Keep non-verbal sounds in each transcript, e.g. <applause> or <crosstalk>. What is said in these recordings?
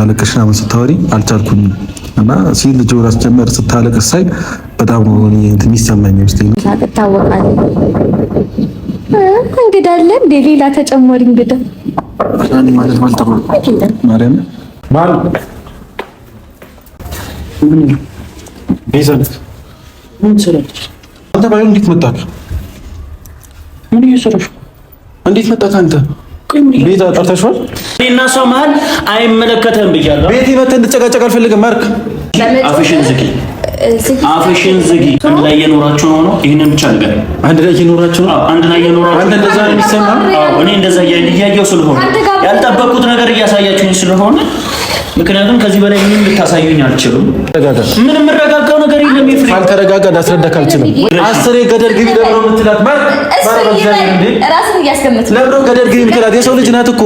ያለቅሽ ምናምን ስታወሪ አልቻልኩም እና ሲል ልጅ ወር አስጀመር ስታለቅስ ሳይ በጣም ነው የሚሰማኝ። ትታወቃለህ፣ እንግዳ አለ እንደ ሌላ ተጨማሪ እንግዳ ማለት አንተ ቤት አጣርተሽዋል። እና ሰው መሀል አይመለከተም ብያለሁ። ቤት ይመተ እንድጨቃጨቅ አልፈልግም። ማርክ አፍሽን ዝጊ፣ አፍሽን ዝጊ። አንድ ላይ እየኖራችሁ ነው ነው? ይሄንን ብቻ ነገር አንድ ላይ እየኖራችሁ ነው። አንድ ላይ እየኖራችሁ አንተ እንደዛ ነው የሚሰማ። እኔ እንደዛ እያየሁ ስለሆነ ያልጠበቅኩት ነገር እያሳያችሁኝ ስለሆነ ምክንያቱም ከዚህ በላይ ምንም ልታሳዩኝ አልችልም። ምን የምረጋጋው ነገር የለም። ካልተረጋጋ ላስረዳህ አልችልም። አስሬ ገደል ግቢ ደብሮ የምትላት ማለት ራስን ገደል ግን ይችላል። የሰው ልጅ ናት እኮ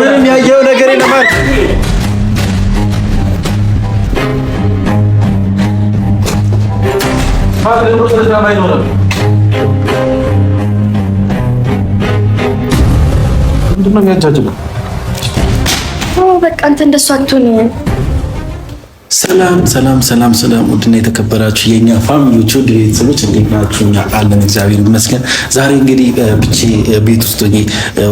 ምንም ያየው ነገር የለማል። ምንድን ነው የሚያጃጅለው? በቃ አንተ እንደሱ አትሆን ሰላም ሰላም ሰላም ሰላም፣ ውድና የተከበራችሁ የእኛ ፋሚሊዎች ውድ ቤተሰቦች እንዴት ናችሁ? እኛ አለን እግዚአብሔር ይመስገን። ዛሬ እንግዲህ ብቼ ቤት ውስጥ ሆኜ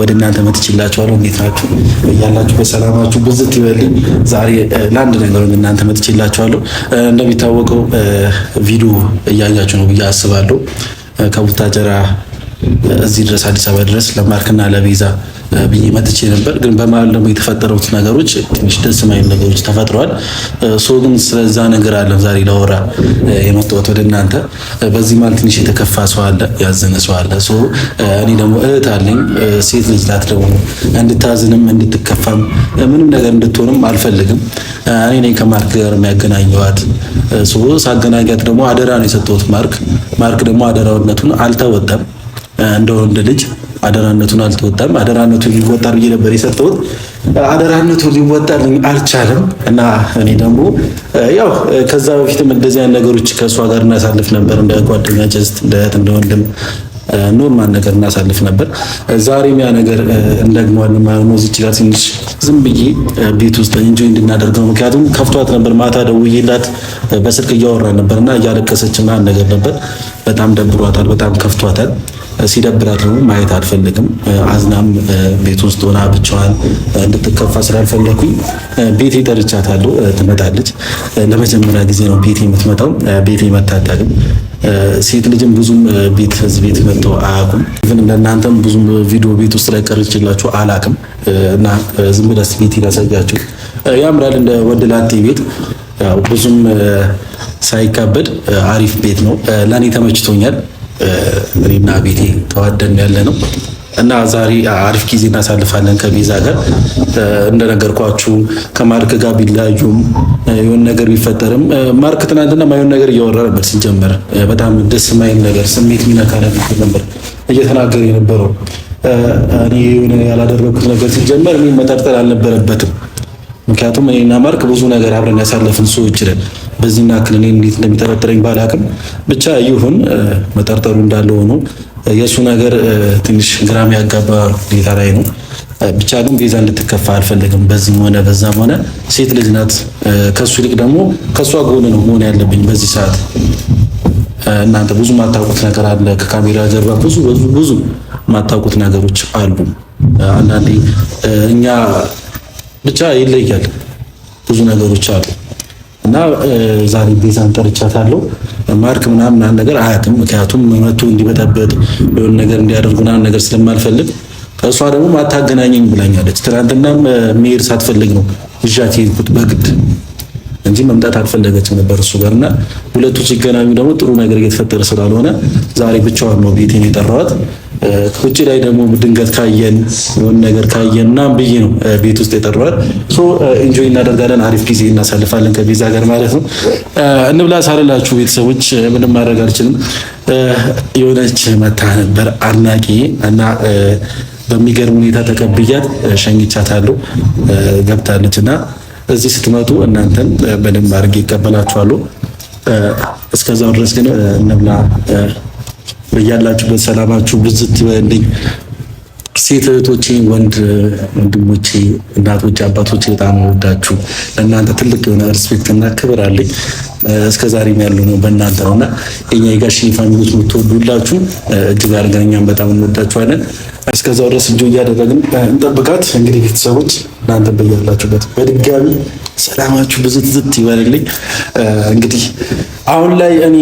ወደ እናንተ መጥቼላችኋለሁ። እንዴት ናችሁ? እያላችሁ በሰላማችሁ ብዝት ይበልኝ። ዛሬ ለአንድ ነገር ወደ እናንተ መጥቼላችኋለሁ። እንደሚታወቀው ቪዲዮ እያያችሁ ነው ብዬ አስባለሁ ከቡታጀራ እዚህ ድረስ አዲስ አበባ ድረስ ለማርክና ለቤዛ ብዬ መጥቼ ነበር። ግን በመሀል ደግሞ የተፈጠሩት ነገሮች ትንሽ ደስ የማይሉ ነገሮች ተፈጥረዋል። ሶ ግን ስለዛ ነገር አለ ዛሬ ለወራ የመጣሁት ወደ እናንተ። በዚህ መሀል ትንሽ የተከፋ ሰው አለ፣ ያዘነ ሰው አለ። ሶ እኔ ደግሞ እህት አለኝ፣ ሴት ልጅ ናት። ደግሞ እንድታዝንም እንድትከፋም ምንም ነገር እንድትሆንም አልፈልግም። እኔ ነኝ ከማርክ ጋር የሚያገናኘዋት። ሳገናኛት ደግሞ አደራ ነው የሰጠሁት ማርክ ማርክ ደግሞ አደራውነቱን አልተወጠም። እንደ ወንድ ልጅ አደራነቱን አልተወጣም። አደራነቱን ሊወጣ ብዬ ነበር የሰጠሁት። አደራነቱን ሊወጣል አልቻለም እና እኔ ደግሞ ያው ከዛ በፊትም እንደዚህ አይነት ነገሮች ከእሷ ጋር እናሳልፍ ነበር፣ እንደ ጓደኛ ጀስት እንደ እህት እንደ ወንድም ኖርማል ነገር እናሳልፍ ነበር። ዛሬም ያ ነገር እንደግሟል ማለት ነው። እዚች ጋር ትንሽ ዝም ብዬ ቤት ውስጥ እንጆይ እንድናደርገው ምክንያቱም ከፍቷት ነበር። ማታ ደውዬላት በስልክ እያወራን ነበር እና እያለቀሰች ምናምን ነገር ነበር። በጣም ደብሯታል፣ በጣም ከፍቷታል። ሲደብራት ደግሞ ማየት አልፈልግም። አዝናም ቤት ውስጥ ሆና ብቻዋን እንድትከፋ ስላልፈለኩኝ ቤቴ ጠርቻታለሁ። ትመጣለች። ለመጀመሪያ ጊዜ ነው ቤቴ የምትመጣው። ቤቴ መታታልም ሴት ልጅም ብዙም ቤት ህዝብ ቤት መጥተው አያውቁም። ኢቨን ለእናንተም ብዙም ቪዲዮ ቤት ውስጥ ላይ ቀርችላችሁ አላውቅም እና ዝም ብለስ ቤት ይላሳያችሁ ያምራል። እንደ ወንድ ላጤ ቤት ብዙም ሳይካበድ አሪፍ ቤት ነው። ለእኔ ተመችቶኛል። እኔና ቤቴ ተዋደን ያለ ነው እና ዛሬ አሪፍ ጊዜ እናሳልፋለን ከቤዛ ጋር። እንደነገርኳችሁ ከማርክ ጋር ቢለያዩም የሆነ ነገር ቢፈጠርም ማርክ ትናንትና ማይሆን ነገር እያወራ ነበር። ሲጀመር በጣም ደስ ማይል ነገር ስሜት የሚነካ ነገር ነበር እየተናገረ የነበረው። እኔ የሆነ ያላደረኩት ነገር ሲጀመር እኔ መጠርጠር አልነበረበትም። ምክንያቱም እኔና ማርክ ብዙ ነገር አብረን ያሳለፍን ሰዎች ነን። በዚህ ናክል እኔ እንዴት እንደሚጠረጥረኝ ባላቅም፣ ብቻ ይሁን መጠርጠሩ እንዳለ ሆኖ የእሱ ነገር ትንሽ ግራም ያጋባ ሁኔታ ላይ ነው። ብቻ ግን ቤዛ እንድትከፋ አልፈልግም። በዚህም ሆነ በዛም ሆነ ሴት ልጅ ናት። ከሱ ይልቅ ደግሞ ከእሷ ጎን ነው መሆን ያለብኝ በዚህ ሰዓት። እናንተ ብዙ ማታውቁት ነገር አለ። ከካሜራ ጀርባ ብዙ ብዙ ብዙ ማታውቁት ነገሮች አሉ። አንዳንዴ እኛ ብቻ ይለያል፣ ብዙ ነገሮች አሉ። እና ዛሬ ቤዛን ጠርቻታለሁ። ማርክ ምናምን አንድ ነገር አያውቅም። ምክንያቱም መቶ እንዲበጠበጥ የሆነ ነገር እንዲያደርግ ምናምን ነገር ስለማልፈልግ እሷ ደግሞ አታገናኘኝ ብላኛለች። ትናንትና መሄድ ሳትፈልግ ነው እዣት የሄድኩት በግድ እንጂ መምጣት አልፈለገችም ነበር እሱ ጋር እና ሁለቱ ሲገናኙ ደግሞ ጥሩ ነገር እየተፈጠረ ስላልሆነ ዛሬ ብቻዋን ነው ቤቴን የጠራዋት። ውጭ ላይ ደግሞ ድንገት ካየን የሆነ ነገር ካየን ምናምን ብዬ ነው ቤት ውስጥ የጠራሁት። ኢንጆይ እናደርጋለን፣ አሪፍ ጊዜ እናሳልፋለን ከቤዛ ጋር ማለት ነው። እንብላ ሳልላችሁ ቤተሰቦች ምንም ማድረግ አልችልም። የሆነች መታ ነበር አድናቂ እና በሚገርም ሁኔታ ተቀብያት ሸኝቻታለሁ። ገብታለች እና እዚህ ስትመጡ እናንተን በደንብ አድርጌ ይቀበላችኋሉ። እስከዛው ድረስ ግን እንብላ በያላችሁበት ሰላማችሁ ብዝት ይበልልኝ። ሴት እህቶቼ፣ ወንድ ወንድሞቼ፣ እናቶቼ፣ አባቶቼ በጣም ወዳችሁ ለእናንተ ትልቅ የሆነ ሪስፔክት እና ክብር አለኝ። እስከ ዛሬም ያሉ ነው በእናንተ ነው እና የኛ የጋሽ ፋሚሊዎች የምትወዱ እጅግ አድርገን እኛም በጣም እንወዳችኋለን። እስከዛው ድረስ እጆ እያደረግን እንጠብቃት። እንግዲህ ቤተሰቦች እናንተ በያላችሁበት በድጋሚ ሰላማችሁ ብዝትዝት ይበልልኝ። እንግዲህ አሁን ላይ እኔ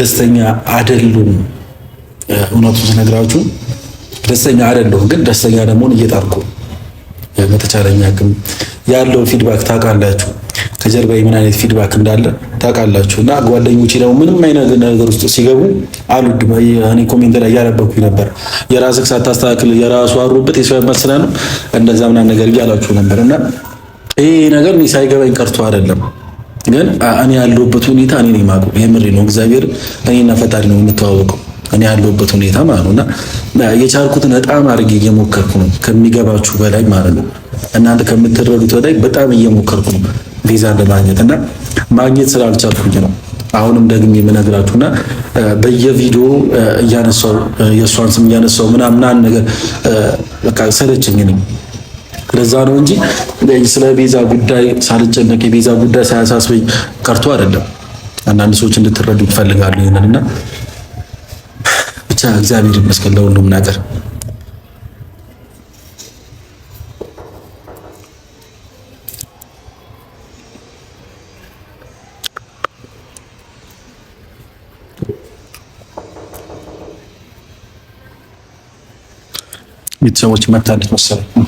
ደስተኛ አይደሉም እውነቱ ስነግራችሁ ደስተኛ አይደለሁም፣ ግን ደስተኛ ለመሆን እየጣርኩ በተቻለኝ አቅም ያለው ፊድባክ ታውቃላችሁ። ከጀርባ ምን አይነት ፊድባክ እንዳለ ታውቃላችሁ። እና ጓደኞቼ ደግሞ ምንም አይነት ነገር ውስጥ ሲገቡ አሉድ እኔ ኮሜንት ላይ እያነበብኩኝ ነበር። የራስህ ሳታስተካክል የራሱ አሩበት የሰው ያመስላል ነው እንደዛ ምናምን ነገር እያላችሁ ነበር። እና ይሄ ነገር እኔ ሳይገባኝ ቀርቶ አይደለም፣ ግን እኔ ያለሁበት ሁኔታ እኔ ነው የማውቀው። የምሬ ነው። እግዚአብሔር እኔና ፈጣሪ ነው የምተዋወቀው። እኔ ያለሁበት ሁኔታ ማለት ነው እና የቻልኩትን በጣም አድርጌ እየሞከርኩ ነው፣ ከሚገባችሁ በላይ ማለት ነው። እናንተ ከምትረዱት በላይ በጣም እየሞከርኩ ነው ቪዛ ለማግኘት እና ማግኘት ስላልቻልኩኝ ነው። አሁንም ደግሜ የምነግራችሁና በየቪዲዮ እያነሳው የእሷን ስም እያነሳው ምናምን ነገር በቃ ሰለቸኝ ነኝ። ለዛ ነው እንጂ ስለ ቤዛ ጉዳይ ሳልጨነቅ የቤዛ ጉዳይ ሳያሳስበኝ ቀርቶ አይደለም። አንዳንድ ሰዎች እንድትረዱ ይፈልጋሉ ይሄንን እና ብቻ እግዚአብሔር ይመስገን ለሁሉም ነገር። ቤተሰቦች መታለች መሰለኝ።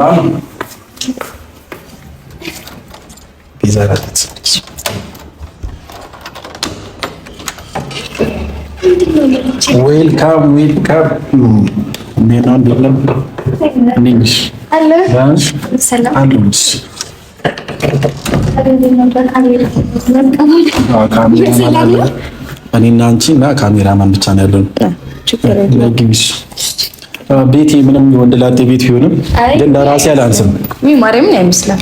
ማን izarad ዌልካም ዌልካም ዜና እንደለም ነሽ አለሽ እኔና አንቺ እና ካሜራማን ብቻ ነው ያለን። ቤቴ ምንም ወንድ ላጤ ቤት ቢሆንም ግን ለራሴ አላንስም። ማርያምን አይመስላል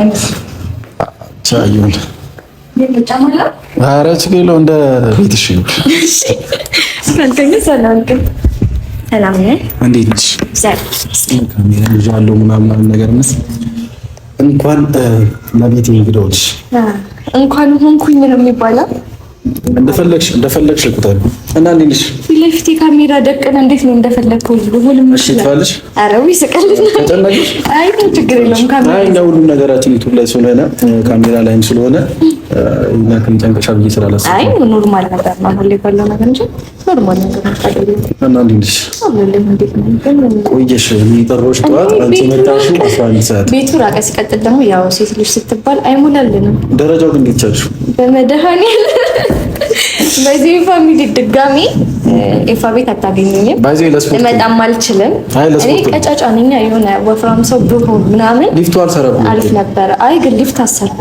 አይመስላል ሻዩን ኧረ ችግር የለውም። እንደ ቤትሽ ይሁን። ሰላም ምናምን ነገር መሰለኝ። እንኳን ለቤት እንግዳ እንኳን ሆንኩኝ ነው የሚባለው እንደፈለግሽ እንደፈለግሽ ልቁታል እና እንዴት ነሽ? ፊት ለፊት ካሜራ ደቀን እንዴት ነው እንደፈለግከው ሁሉም እሺ ትላለሽ። አረው ይስቀልና ተጨነቅሽ። አይ ችግር የለውም ካሜራ ላይ ሁሉም ነገራችን ዩቲዩብ ላይ ስለሆነ ካሜራ ላይም ስለሆነ ይላክም ጨንቀሻ ብዬ ስላላስ አይ ኖርማል ነበር ነው ሁሌ ባለው ነገር እንጂ ኖርማል ነገር አይደለም። እና እንዴት ነሽ? ቆየሽ? የጠራሁሽ ጠዋት አንቺ መጣሽ አስራ አንድ ሰዓት ቤቱ ራቀ። ሲቀጥል ደግሞ ያው ሴት ልጅ ስትባል አይሞላልንም። ደረጃው ግን እንዴት ቻልሽ? በመድኃኒዓለም በዚህ ፋሚሊ ድጋሚ ኤፋ ቤት አታገኘኝም። እመጣም አልችልም። እኔ ቀጫጫ ነኝ። የሆነ ወፍራም ሰው ብሆን ምናምን ሊፍቱ አልሰራም አልፍ ነበረ። አይ ግን ሊፍት አሰርኩ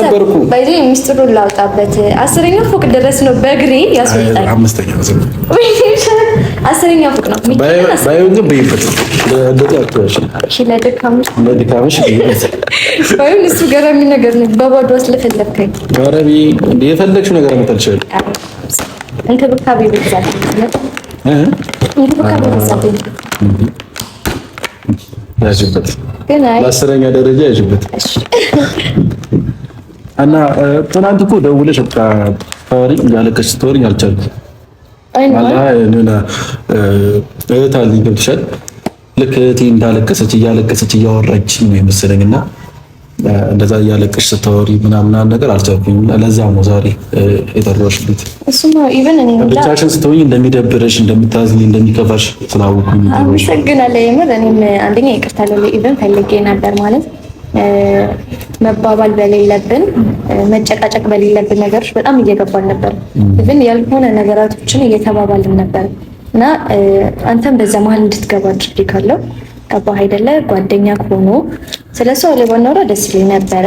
ነበርኩ። ባይዘ ሚስጥሩ ላውጣበት። አስረኛ ፎቅ ድረስ ነው በእግሬ ያስወጣል። አስረኛ ፎቅ ነው እሱ ገራሚ ነገር ነው። እንክብካቤ በዛት እንክብካቤ በዛት ያዥበት ለአስረኛ ደረጃ ያዥበት። እና ትናንት እኮ ደውለሽ በቃ ታወሪኝ ያለቀሽ ስትወሪኝ አልቻልኩም። እህት አለኝ ገብቶሻል። ልክ እህቴ እንዳለቀሰች እያለቀሰች እያወራች ነው የመሰለኝ እና እንደዛ እያለቅሽ ስታወሪ ምናምን ነገር አልቻልኩም። ለዛ ነው ዛሬ የጠራሁሽ። ቤት ብቻሽን ስትሆኝ እንደሚደብረሽ፣ እንደምታዝኝ፣ እንደሚከፋሽ ስላወኩኝ አመሰግናለሁ። የምር እኔም አንደኛ ይቅርታ ለኢቨን ፈልጌ ነበር ማለት መባባል በሌለብን መጨቃጨቅ በሌለብን ነገሮች በጣም እየገባን ነበር። ግን ያልሆነ ነገራቶችን እየተባባልን ነበር እና አንተም በዛ መሀል እንድትገባ አድርጌ ካለው ገባህ አይደለ ጓደኛ ሆኖ ስለ ሰው ላይ ባናወራ ደስ ይለኝ ነበረ፣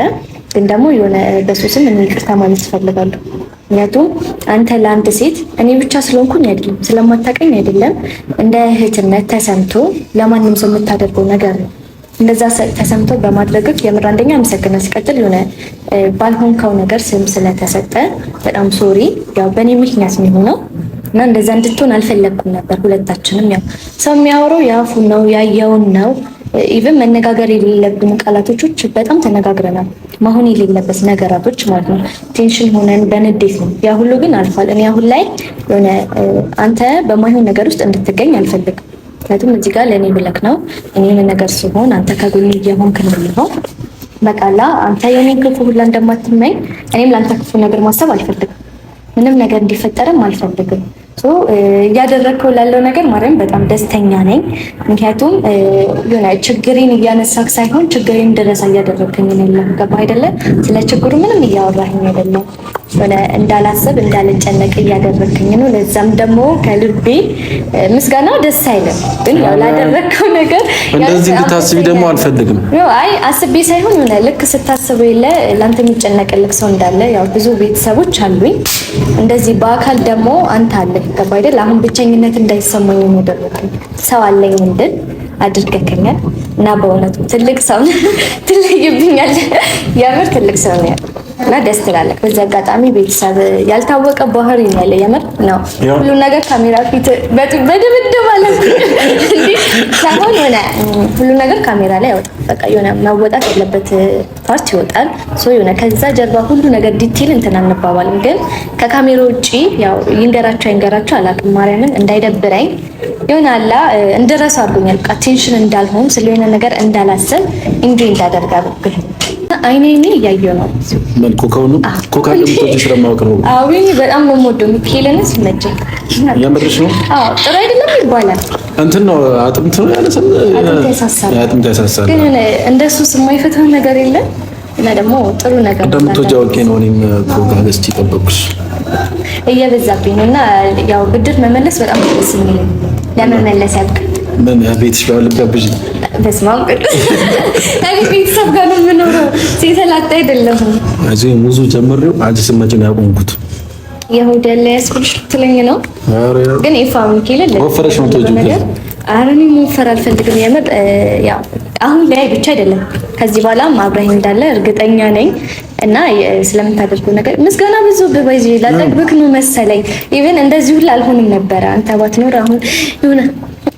ግን ደግሞ የሆነ በሱ ስም እኔ ይቅርታ ማለት እፈልጋለሁ። ምክንያቱም አንተ ለአንድ ሴት እኔ ብቻ ስለሆንኩኝ አይደለም፣ ስለማታቀኝ አይደለም፣ እንደ እህትነት ተሰምቶ ለማንም ሰው የምታደርገው ነገር ነው። እንደዛ ተሰምቶ በማድረግህ የምር አንደኛ አመሰግና። ሲቀጥል የሆነ ባልሆንከው ነገር ስም ስለተሰጠ በጣም ሶሪ። ያው በእኔ ምክንያት ነው የሆነው እና እንደዛ እንድትሆን አልፈለግኩም ነበር። ሁለታችንም ያው ሰው የሚያወራው የአፉ ነው ያየውን ነው። ኢቭን መነጋገር የሌለብን ቃላቶች በጣም ተነጋግረናል። መሆን የሌለበት ነገራቶች ማለት ነው። ቴንሽን ሆነን በንዴት ነው ያ ሁሉ ግን አልፏል። እኔ አሁን ላይ የሆነ አንተ በማይሆን ነገር ውስጥ እንድትገኝ አልፈልግም። ምክንያቱም እዚህ ጋር ለእኔ ብለክ ነው እኔ የሆነ ነገር ሲሆን አንተ ከጎን እየሆንክ ነው የሚሆን በቃላ አንተ የኔ ክፉ ሁላ እንደማትመኝ እኔም ለአንተ ክፉ ነገር ማሰብ አልፈልግም። ምንም ነገር እንዲፈጠርም አልፈልግም። እያደረግከው ላለው ነገር ማርያም በጣም ደስተኛ ነኝ። ምክንያቱም ችግሬን እያነሳክ ሳይሆን ችግሬን እንድረሳ እያደረግከኝ ነው። ገባ አይደለ? ስለ ችግሩ ምንም እያወራኝ አይደለም። እንዳላሰብ እንዳልጨነቅ እያደረግከኝ ነው። ለዛም ደግሞ ከልቤ ምስጋና ደስ አይልም፣ ግን ያው ላደረግከው ነገር እንደዚህ እንድታስቢ ደግሞ አልፈልግም። አይ አስቤ ሳይሆን ሆነ ልክ ስታስበው የለ ለአንተ የሚጨነቅልክ ሰው እንዳለ ያው ብዙ ቤተሰቦች አሉኝ። እንደዚህ በአካል ደግሞ አንተ አለ። የሚገባ አይደል? አሁን ብቸኝነት እንዳይሰማኝ የሚያደርጉት ሰው አለኝ እንድን አድርገከኛል እና በእውነቱ ትልቅ ሰው <laughs> ትልቅ ይብኛል የምር ትልቅ ሰው ነው ያለው። እና ደስ ትላለህ። በዚህ አጋጣሚ ቤተሰብ ያልታወቀ ባህሪ ነው ያለ የምር ነው። ሁሉ ነገር ካሜራ ፊት በድብድብ አለ ሳይሆን ሆነ ሁሉ ነገር ካሜራ ላይ ያወጣል። በቃ የሆነ መወጣት ያለበት ፓርት ይወጣል። ሶ የሆነ ከዛ ጀርባ ሁሉ ነገር ዲቴል እንትን አንባባልም፣ ግን ከካሜራ ውጭ ያው ይንገራቸው አይንገራቸው አላውቅም። ማርያምን እንዳይደብረኝ የሆነ አላ እንድረሳ አድርጎኛል። በቃ ቴንሽን እንዳልሆን ስለሆነ ነገር እንዳላስብ እንጂ እንዳደርግ አድርጎኛል። አይኔ እኔ እያየሁ ነው። ምን ኮካው ነው? ኮካ ስለማወቅ ነው። በጣም ነው የምወደው። ሚካኤልን ሲመቸኝ የምርሽ ነው። አዎ ጥሩ አይደለም ይባላል። እንትን ነው አጥምት ነው ያለ ሰው አጥምት ያሳሳል። ግን እንደሱ ነገር የለም እና ደግሞ ጥሩ ነገር አውቄ ነው። እኔም ኮካ ገዝቼ እየበዛብኝ ነው እና ያው ብድር መመለስ በጣም ደስ የሚል ለመመለስ ያብቃል ምን ቤትሽ ጋር ልጋብዥ? በስመ አብ ቅዱስ እኔ ቤተሰብ ጋር ነው የምኖረው። ሴተላጣ አይደለሁም። እዚህ ሙዙ ጀምሬው አንቺ ስትመጪ ነው ያቆምኩት። የሆድ ያለ ያስኩልሽ ትለኝ ነው ግን የፋሚሊ ከሌለ ወፈረሽ ነው ተወጁ ነገር ኧረ እኔ መወፈር አልፈልግም። የምር ያው አሁን ላይ ብቻ አይደለም ከዚህ በኋላም አብረህ እንዳለ እርግጠኛ ነኝ እና ስለምታደርገው ነገር ምስጋና ብዙ በባይዚ ላጠግብክ ነው መሰለኝ። ኢቨን እንደዚህ ሁላ አልሆንም ነበረ አንተ ባትኖር አሁን ይሆነ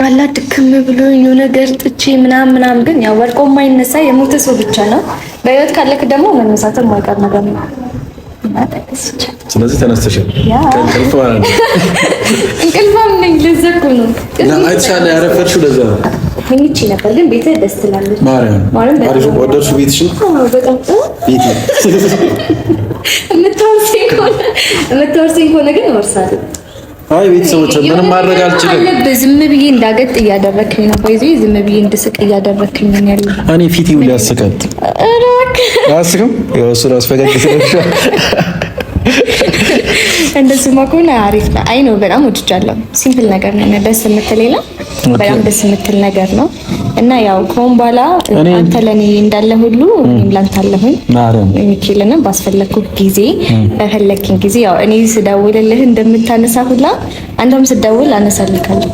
አላ ድክም ብሎ ነገር ጥቼ ምናም ምናም፣ ግን ያው ወድቆ የማይነሳ የሞተ ሰው ብቻ ነው። በህይወት ካለክ ደግሞ መነሳት የማይቀር ነገር ነው። ስለዚህ ተነስተሻል። እንቅልፋም ነኝ። ለዛ ምንጭ ግን ደስ ትላለች። ማርያም አሪፍ በጣም ቤት ግን አይ ቤተሰቦች ምንም ማድረግ አልችልም። ዝም ብዬ እንዳገጥ እያደረክኝ ነው። ባይዚ ዝም ብዬ እንድስቅ እያደረክኝ ነው ያለው። እኔ ፊት ይውል ያስቃል። አያስቅም? ያው እሱ ራስ ፈገግ ስለሽ እንደዚህማ ከሆነ አሪፍ ነው። አይ ነው በጣም ወድጃለሁ። ሲምፕል ነገር ነው። ደስ የምትል ሌላ በጣም ደስ የምትል ነገር ነው። እና ያው ከሆን በኋላ አንተ ለእኔ እንዳለ ሁሉ እኔም ላንተ አለሁኝ። ሚኬልንም ባስፈለግኩህ ጊዜ በፈለግኝ ጊዜ ያው እኔ ስደውልልህ እንደምታነሳ ሁላ አንተም ስደውል አነሳልካለሁ።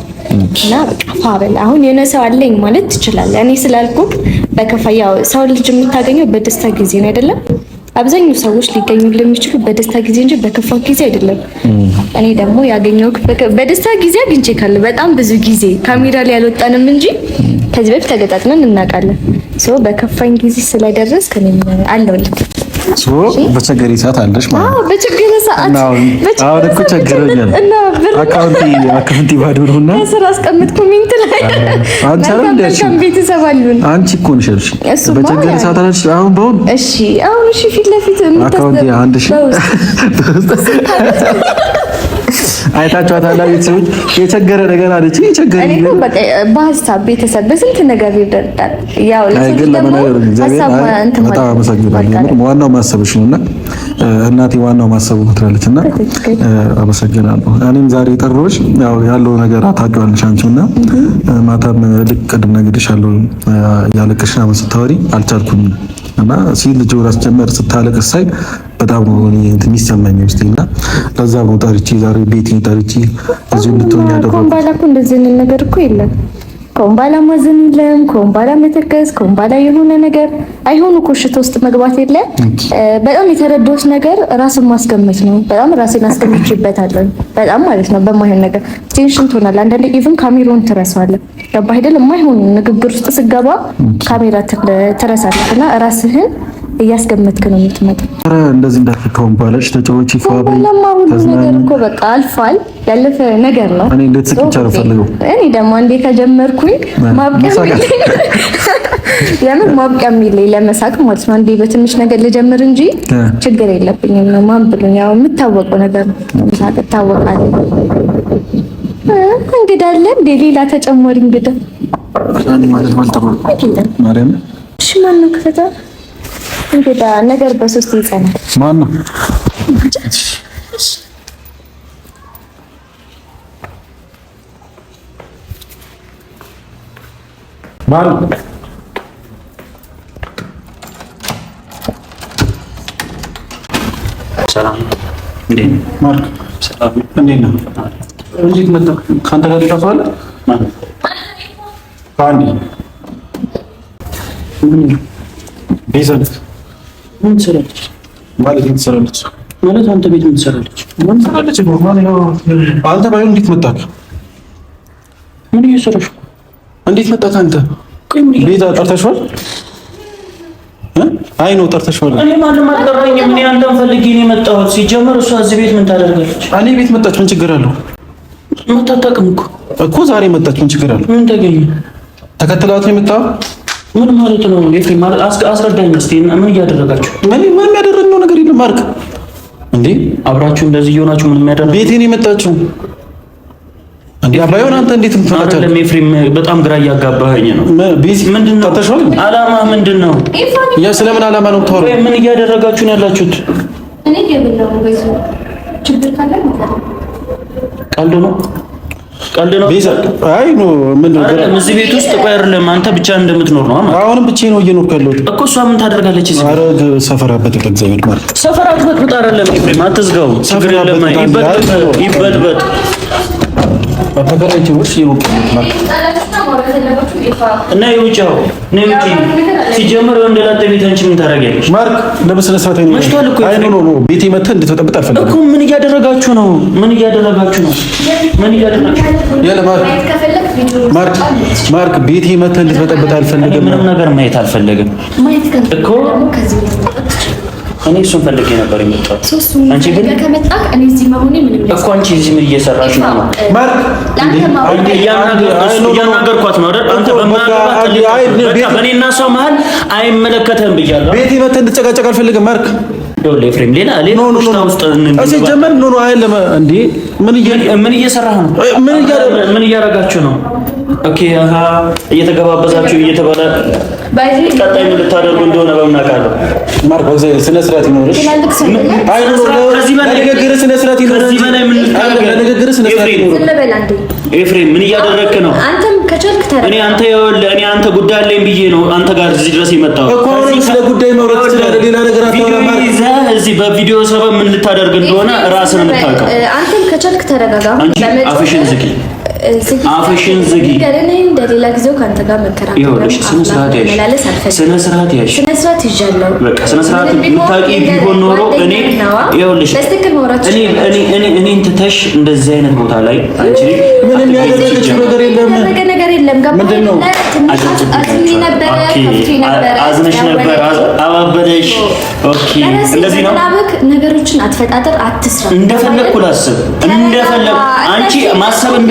እና ቀፋ በል አሁን የሆነ ሰው አለኝ ማለት ትችላለህ። እኔ ስላልኩ በከፋ ያው ሰው ልጅ የምታገኘው በደስታ ጊዜ ነው አይደለም? አብዛኛው ሰዎች ሊገኙ ለሚችሉ በደስታ ጊዜ እንጂ በከፋ ጊዜ አይደለም። እኔ ደግሞ ያገኘው በደስታ ጊዜ ካለ በጣም ብዙ ጊዜ ካሜራ ላይ አልወጣንም እንጂ ከዚህ በፊት ተገጣጥመን እናውቃለን። ሶ በከፋኝ ጊዜ ስለደረስ ከኔ አለሁልህ በቸገሪ ሰዓት አለሽ ማለት ነው። በቸገሪ ሰዓት አሁን እኮ ቸገረኛል። አካውንቲ ባዶ ነው እና ስራ አስቀምጥ ኮሜንት ላይ ቤተሰብ አሉን። አንቺ እኮ ነሽ ያልሽኝ በቸገሪ ሰዓት አለሽ። አሁን በሆን እሺ፣ አሁን እሺ፣ ፊት ለፊት አካውንቲ አንድ ሺህ አይታችኋታል። ቤተሰቦች የቸገረ ነገር አለች። የቸገረ በሀሳብ ቤተሰብ በስንት ነገር ይደርዳል። ያው ለመናገር እግዚአብሔር በጣም አመሰግናለሁ። ዋናው ማሰብሽ ነውና እናቴ ዋናው ማሰቡ ነው ትላለች። እና አመሰግናለሁ። እኔም ዛሬ ጠሮች ያለው ነገር አታውቂዋለሽ አንቺ እና ማታም ልክ ቅድም ነግሬሻለሁ ያለቅሽ ምናምን ስታወሪ አልቻልኩም እና ሲል ልጅ ወራስ ጀመር ስታለቅስ ሳይ በጣም ነው እኔ እንትን የሚሰማኝ ውስጥ እና ለዛ ነው ጠርቼ ዛሬ ቤቴ ጠርቼ እዚሁ እንድትሆን ያደረኩት። ባላኩ እንደዚህ ነገር እኮ የለም ከሆምባላ ማዘን የለም፣ ከሆምባላ መተከዝ፣ ከሆምባላ የሆነ ነገር አይሆኑ ኮሽታ ውስጥ መግባት የለ። በጣም የተረዳሁት ነገር ራስን ማስገመት ነው። በጣም ራሴን አስገምቼበታለሁ። በጣም ማለት ነው በማይሆን ነገር ቴንሽን ትሆናለህ። አንዳንዴ ኢቭን ካሜራውን ትረሳለህ። ገባህ አይደል? የማይሆን ንግግር ውስጥ ስገባ ካሜራ ትረሳለህ እና ራስህን እያስገመትክ ነው የምትመጣው። ኧረ እንደዚህ እንዳትከውን ባለች ተጫዋች ይፋበለማ ሁሉ ነገር እኮ በቃ አልፏል። ያለፈ ነገር ነው። እኔ እንዴት ስቅ ነው ፈልገው እኔ ደግሞ እንዴ ከጀመርኩኝ ማብቂያ <laughs> ለምን ማብቂያ የሚለኝ ለመሳቅ ማለት ነው። አንዴ በትንሽ ነገር ልጀምር እንጂ ችግር የለብኝም ነው ማን ብሉኝ። ያው የምታወቁ ነገር መሳቅ እታወቃለሁ። እንግዳ አለ ሌላ ተጨማሪ እንግዳ ማንም ማለት ማን ነው? እንግዳ ነገር በሶስት ይጸናል። ማን ነው? ሰላም እንዴት መጣህ? ከአንተ ጋር ተጣጣለ ማለት ምን ትሰራለች ማለት? ምን ትሰራለች ማለት? አንተ ቤት ምን ትሰራለች? ምን ትሰራለች? ኖርማል ነው። አንተ ባይሆን እንዴት መጣህ? ምን እየሰራሽ? እንዴት መጣህ አንተ? ቤት ጠርተሽዋል? አይ ነው ጠርተሽዋል። እኔ ማንም አልጠራኝም። እኔ አንተን ፈልጌ ነው የመጣሁት። ሲጀመር እሷ እዚህ ቤት ምን ታደርጋለች? እኔ ቤት መጣች፣ ምን ችግር አለው? የምታታቅም እኮ እኮ ዛሬ መጣች፣ ምን ችግር አለው? ምን ተገኘ? ተከትላት ነው የመጣው ምን ማለት ነው? ኤፍሬም አስረዳኝ እስኪ። ምን እያደረጋችሁ? ምን ምን የሚያደረግነው ነገር የለም። ማርክ እንዴ አብራችሁ እንደዚህ እየሆናችሁ ምን የሚያደረግ ቤቴን የመጣችሁ እንዴ? አባዬውን አንተ እንዴት ምትመጣችሁ? አይደለም ኤፍሬም፣ በጣም ግራ እያጋባኸኝ ነው። ቤት ምንድነው? ነው? አላማ ምንድነው? ያ ስለምን አላማ ነው ተወራ? ምን እያደረጋችሁ ነው ያላችሁት? እኔ ችግር ካለ ቀልድ ነው እዚህ ቤት ውስጥ ቆይ፣ አይደለም አንተ ብቻ እንደምትኖር ነው ማለት አሁንም ብቻ ነው እየኖርኩ ያለሁት እኮ። እሷ ምን ታደርጋለች እዚህ? ኧረ ሰፈር ማለት ሰፈር አይደለም አትዝጋው፣ ችግር የለም። ይበጥበጥ በተከራይቼ ውስጥ የውጭ እና የውጭ አዎ፣ ነው የውጭ ሲጀምር እንደላጠ ቤት አንቺ ምን ታደርጊያለሽ? ማርክ ለምን ስለ ስራት አይኑ ነው ነው ኖ ቤቴ መተህ እንድትወጣበት አልፈልግም እኮ። ምን እያደረጋችሁ ነው? ምን እያደረጋችሁ ነው? ምን እያደረጋችሁ ያለ ማርክ ማርክ ማርክ ቤቴ መተህ እንድትወጣበት አልፈልግም። ምንም ነገር ማየት አልፈልግም ማየት እኮ እኔ እሱን ፈልጌ ነበር የመጣሁት። አንቺ ግን ከመጣህ እኔ እዚህ መሆኔ ምንም እኮ አንቺ እዚህ ምን እየሰራሽ ነው? እያናገርኳት ነው አንተ እና እሷ መሀል አይመለከትህም ብያለሁ። ቤቴ መተህ እንድጨቃጨቅ አልፈልግም። ማርክ ሌላ ጀመር ኖ ኖ አይደለም። እንዴ ምን እየሰራህ ነው? ምን እያደረጋችሁ ነው? ኦኬ አሃ እየተገባበዛችሁ እየተባለ ቀጣይ ምን ልታደርጉ እንደሆነ በምናውቃለሁ። ማር በእግዚአብሔር ስነ ስርዓት ይኖርሽ። አይ ነው ለንግግር ስነ ስርዓት ይኖርሽ። ከዚህ በላይ ምን ለንግግር ስነ ስርዓት ይኖርሽ። ኤፍሬም ምን እያደረክ ነው? አንተም ከቻልክ ተራ እኔ አንተ ይኸውልህ፣ እኔ አንተ ጉዳይ አለኝ ብዬ ነው አንተ ጋር እዚህ ድረስ የመጣሁት እኮ ነው። ስለ ጉዳይ መውረት ስለ ሌላ ነገር አታወራም። እዚህ በቪዲዮ ሰበብ ምን ልታደርግ እንደሆነ ራስህን የምታውቀው አንተም ከቻልክ ተረጋጋ። አንቺ አፍሽን ዝጊ አፍሽን ዝጊ። እንደሌላ ጊዜው ከአንተ ጋር ስነ ስርዓት ያዥ፣ ስነ ስርዓት ስነ ስርዓት በቃ ስነ ስርዓት ቢሆን ኖሮ እኔ እኔ እኔ እኔ እኔን ትተሽ እንደዚህ አይነት ቦታ ላይ አንቺ ነገር የለም፣ ነገር የለም። ነው አዝነሽ ነበር፣ አባበለሽ። ኦኬ፣ እንደዚህ ነው ነገሮችን አትፈጣጥር፣ አትስራ። እንደፈለግኩ ላስብ፣ እንደፈለግኩ አንቺ ማሰብ እንደ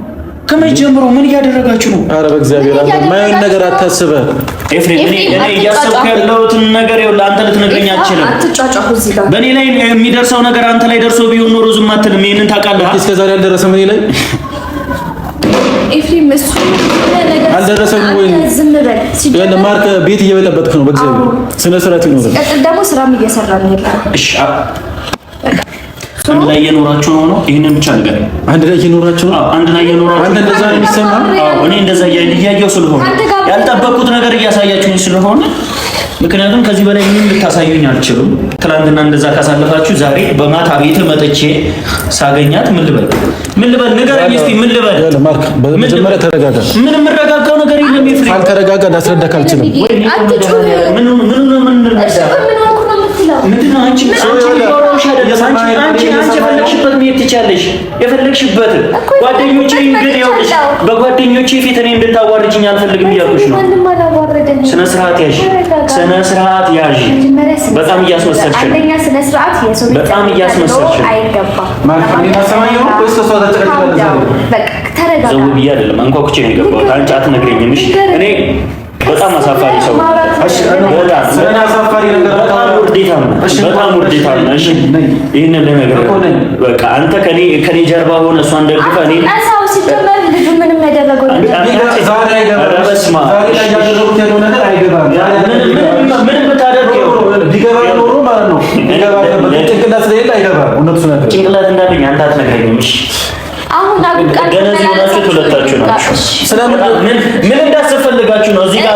ከመቼ ጀምሮ ምን እያደረጋችሁ ነው? አረ በእግዚአብሔር ማየውን ነገር አታስበ። ኤፍሬም እኔ እያሰብኩ ያለሁትን ነገር ይኸውልህ፣ አንተ ልትነግረኝ አትችልም። አትጫጫሁ እዚህ ጋር በእኔ ላይ የሚደርሰው ነገር አንተ ላይ ደርሶ ቢሆን ኖሮ ዝም አትልም። ይሄንን ታውቃለህ። እስከ ዛሬ አልደረሰም እኔ ላይ ኤፍሬም፣ እሱ አልደረሰም ወይ? ዝም በል ያለ ማርክ ቤት እየበጠበጥክ ነው። በእግዚአብሔር ስነ ስርዓት ይኖር። ቀጥል ደግሞ ስራም እየሰራ ነው። እሺ አንድ ላይ እየኖራችሁ ነው ነው። ይሄንን ብቻ ነገር አንድ ላይ እየኖራችሁ ነው። አንድ ላይ እየኖራችሁ አንተ እንደዛ ነው የሚሰማ። አዎ እኔ እንደዛ እያየሁ ስለሆነ ያልጠበቅኩት ነገር እያሳያችሁኝ ስለሆነ ምክንያቱም ከዚህ በላይ ምንም ልታሳዩኝ አልችሉም። ትናንትና እንደዛ ካሳለፋችሁ ዛሬ በማታ ቤት መጥቼ ሳገኛት ምን ልበል? ምን ልበል? ንገረኝ እስቲ ምን ልበል? ማርክ በመጀመሪያ ተረጋጋ። ምን የምረጋጋው ነገር የለም። ካልተረጋጋ ላስረዳህ አልችልም። ምን ምን ምን የፈለግሽበት መሄድ የፈለግሽበት ጓደኞቼ እንግዲህ ይኸውልሽ፣ በጓደኞቼ ፊት እኔ እንድታዋርጅኝ አልፈልግም እያልኩሽ ነው። ስነ ስርዓት ያዥ፣ ስነ ስርዓት ያዥ። በጣም እያስመሰልሽ በጣም እያስመሰልሽ ዘው ብዬሽ አይደለም አንኳኩቼ ነው የገባሁት። አንቺ አትነግረኝም። እሺ እኔ በጣም አሳፋሪ ሰው እሺ። በጣም አሳፋሪ ነገር ውርዴታ ነው። በጣም እሺ፣ ይሄን ለነገር በቃ አንተ ከኔ ከኔ ጀርባ ሆነ እሷን ደግፈ እኔ እሳው ሲጀመር ልጁ ምንም ያደረገው ምንም ብታደርገው ማለት ነው ጭንቅላት ነው። እንዳለኝ አንተ አትነግረኝም። እሺ አሁን ሁለታችሁ ናችሁ። ስለምን ምን እንዳስፈልጋችሁ ነው እዚህ ጋር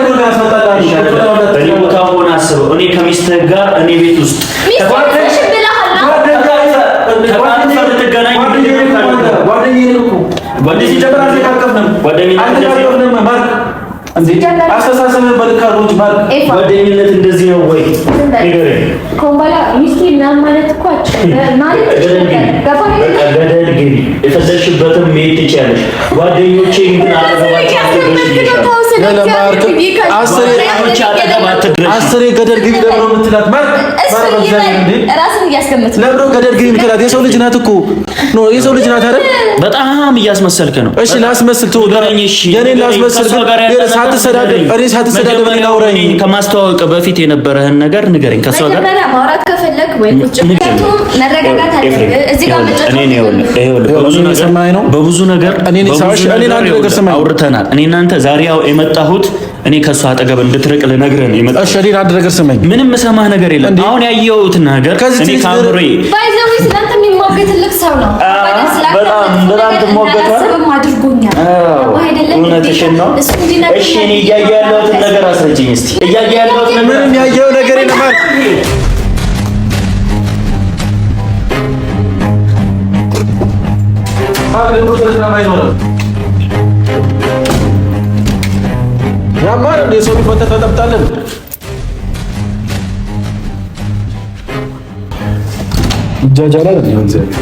የምታስበው? እኔ ከሚስትህ ጋር እኔ ቤት ውስጥ ጓደኛዬን እኮ አስተሳሰብ በልካሮች ማር ጓደኝነት እንደዚህ ነው ወይ? ኮምባላ ሚስቴ ና ማለት እኮ ገደል ግቢ፣ የፈለግሽበትም መሄድ ትችያለሽ። ጓደኞቼ ግን አስሬ ገደል ግቢ ለብሮ የምትላት ማርክ ራስን እያስገመት ለብሮ ገደል ግቢ የምትላት የሰው ልጅ ናት እኮ የሰው ልጅ ናት አይደል? በጣም እያስመሰልክ ነው። እሺ ላስመስል እሺ ከማስተዋወቅ በፊት የነበረህን ነገር ንገረኝ። ከሷ ጋር ወይ ቁጭ በብዙ ነገር አውርተናል። እኔ እናንተ ዛሬ የመጣሁት እኔ ከእሷ አጠገብ እንድትርቅ ልነግርህ የመጣሁት። እሺ አንድ ነገር ምንም ሰማህ ነገር የለም። አሁን ያየሁት ነገር እኔ ካምሬ የሚሞግት ትልቅ ሰው ነው። በጣም በጣም ትሞገታለህ አድርጎኛል። እውነትሽን ነው። እሺ እኔ እያየሁ ያለሁትን ነገር አስረጅኝ እስኪ። እያየሁ ያለሁትን ምንም ያየው ነገር የለም። ያማር እንደ ሰው ተጠብጣለን ይጃጃላል ነው እግዚአብሔር።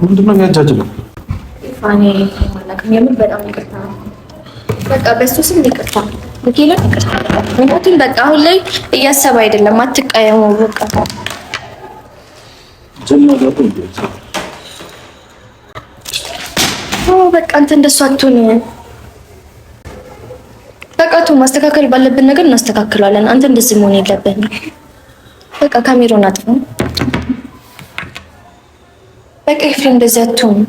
ምንድን ነው የሚያጃጅለው? በቃ በእሱ ስም ይቅርታ፣ ወኪላ ይቅርታ። ምክንያቱም በቃ አሁን ላይ እያሰበ አይደለም። አትቀየመው። በቃ በቃ አንተ እንደሱ አትሆን ታውቃቱ ማስተካከል ባለብን ነገር እናስተካክለዋለን። አንተ እንደዚህ መሆን የለብህም። በቃ ካሜሮን አጥፎ በቃ ኤፍሬም እንደዚህ አትሆን።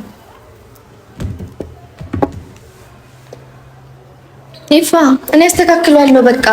ይፋ እኔ አስተካክለዋለሁ በቃ